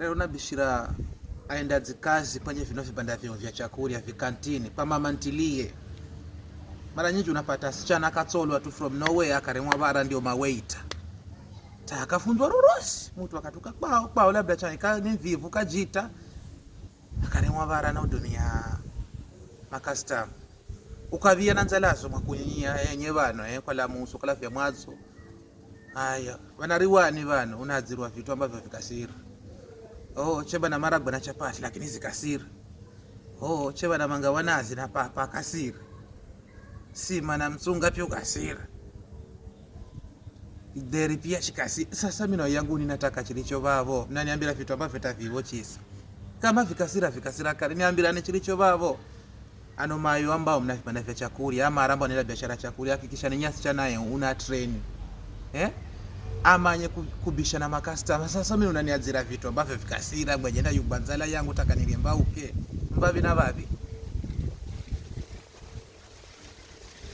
lero nabishira aenda dzikazi kwenye vino vibanda vyao vya chakurya vikantini pamama ntilie mara nyingi unapata sichana akatsolwa tu from nowhere akaremwa bara ndio mawaita takafunzwa rorosi mtu akatuka kwao kwao labda chanika ni vivu kajita akaremwa bara na dunia makasta ukavia na nzalazo mwakunyinyia yenye eh, vano eh kwa muso kala vya mwazo haya wanariwani vano unadzirwa vitu ambavyo vikasira Oh, cheba na maragwe na chapati lakini zikasiri. Oh, cheba na manga wa nazi na papa kasiri. Sima na msunga pia kasiri. Deri pia chikasi. Sasa mimi na yangu ninataka chilicho vavo. Mnaniambia vitu ambavyo vitavivo chisa. Kama vikasira vikasira kali niambia ni chilicho vavo. Ano mayo ambao mnafanya chakuri ama arambo anaenda biashara chakuri hakikisha ni nyasi cha naye una train. Eh? ama nye kubishana makastama. Sasa mimi unaniazira vitu ambavyo vikasira na yubanzala yangu taka nilimba uke mbavi na vavi